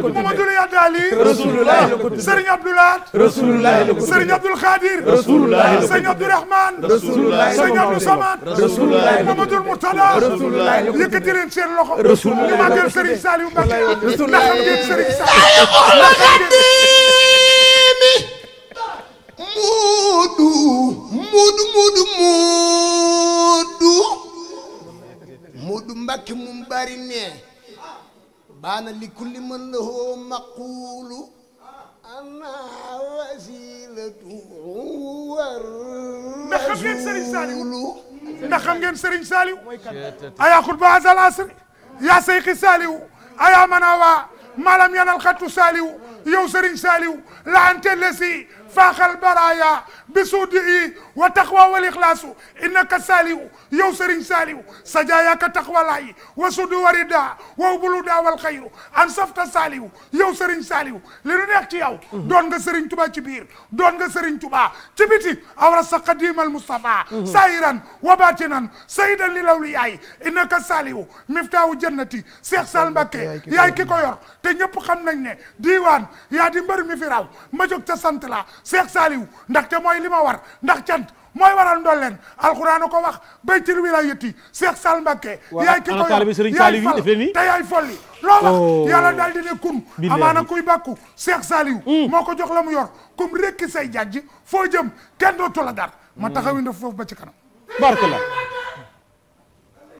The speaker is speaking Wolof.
Mamadou Yadali rasulullah Serigne Abdoulaat rasulullah Serigne Abdoul Khadir rasulullah Serigne Abdoul Rahman rasulullah Serigne Abdou Samad rasulullah Mamadou Murtada rasulullah yëkkati leen seen loxo rasulullah ñu màggal Serigne Saliou Mbacké rasulullah Serigne Saliou Moodu Moodu Moodu Moodu Moodu Mbacke mu bari ne baana li kulli mën lahoo maquulu ana wasilatu war ndax xam ngeen Serigne Saliou ndax xam ngeen Serigne Saliou ayaa xutba azal asri yaa seyxi Saliou ayaa manawaa malam la ante lesi faaxal baraya bi suudi i wa taqwa wal ixlaasu innaka saalihu yow sëriñ saalihu sajaayaka taqwalaayi wa sudi warida wa bulu daa wal xayru an safta saalihu yow sëriñ saalihu li nu neex ci yow doon nga sëriñ tuba ci biir doon nga sëriñ tuba ci biti awra sa qadimal mustafa saahiran wa batinan sayidan li lawliyaay innaka saalihu miftaahu jannati Cheikh Sall Mbacké yaay ki ko yor te ñëpp xam nañ ne diiwaan yaa di mbër mi fi raw ma jóg ta sant la Cheikh Saliou ca mooy li ma war ndax cant mooy waral ndolleen alxuraan ko wax baytil wilaayati Cheikh Sall Mbacké yaay ki ko yaay fal te yaay folli loo wax oh. yàlla daal di ne kun amaana kuy bàkku Cheikh Saliou mm. moo ko jox la mu yor kum rekki say jajji foo jëm kenn dootu la dar ma mm. taxawi nda foofu ba ci kanam barka la